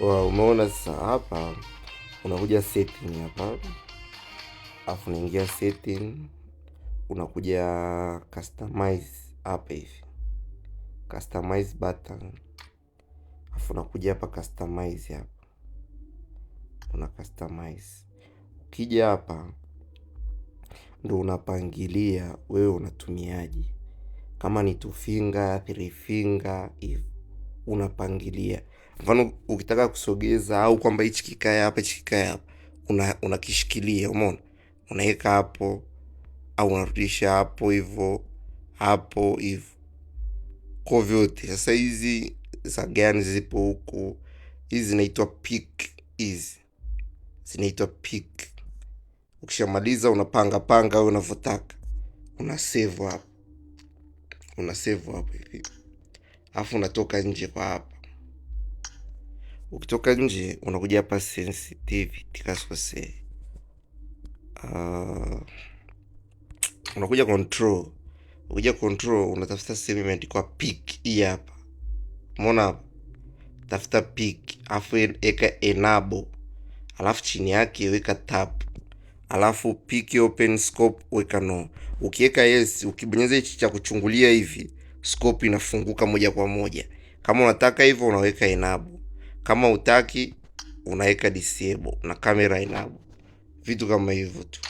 Wow, Umeona sasa, hapa unakuja setting hapa, afu unaingia setting, unakuja customize hapa hivi, customize button, afu unakuja hapa customize, hapa una customize. Ukija hapa ndo unapangilia wewe unatumiaje, kama ni two finger, three finger, hivi unapangilia mfano ukitaka kusogeza au kwamba hichi kikae hapa hichi kikae hapa unakishikilia una umeona unaweka hapo au unarudisha hapo hivyo hapo hivyo kwa vyote sasa hizi za gani zipo huku hizi zinaitwa pick hizi zinaitwa pick ukishamaliza unapanga panga au unavyotaka una save hapo una save hapo hivi alafu unatoka nje kwa hapa Ukitoka nje unakuja hapa sensitivity kasose, uh, ah, unakuja control. Ukija control unatafuta sehemu imeandikwa pik hii hapa, umeona tafuta pik alafu eka enabo alafu chini yake weka tap, alafu pik open scope weka no. Ukiweka yes, ukibonyeza hichi cha kuchungulia hivi, scope inafunguka moja kwa moja. Kama unataka hivyo unaweka enabo kama utaki unaweka disable na kamera inabu, vitu kama hivyo tu.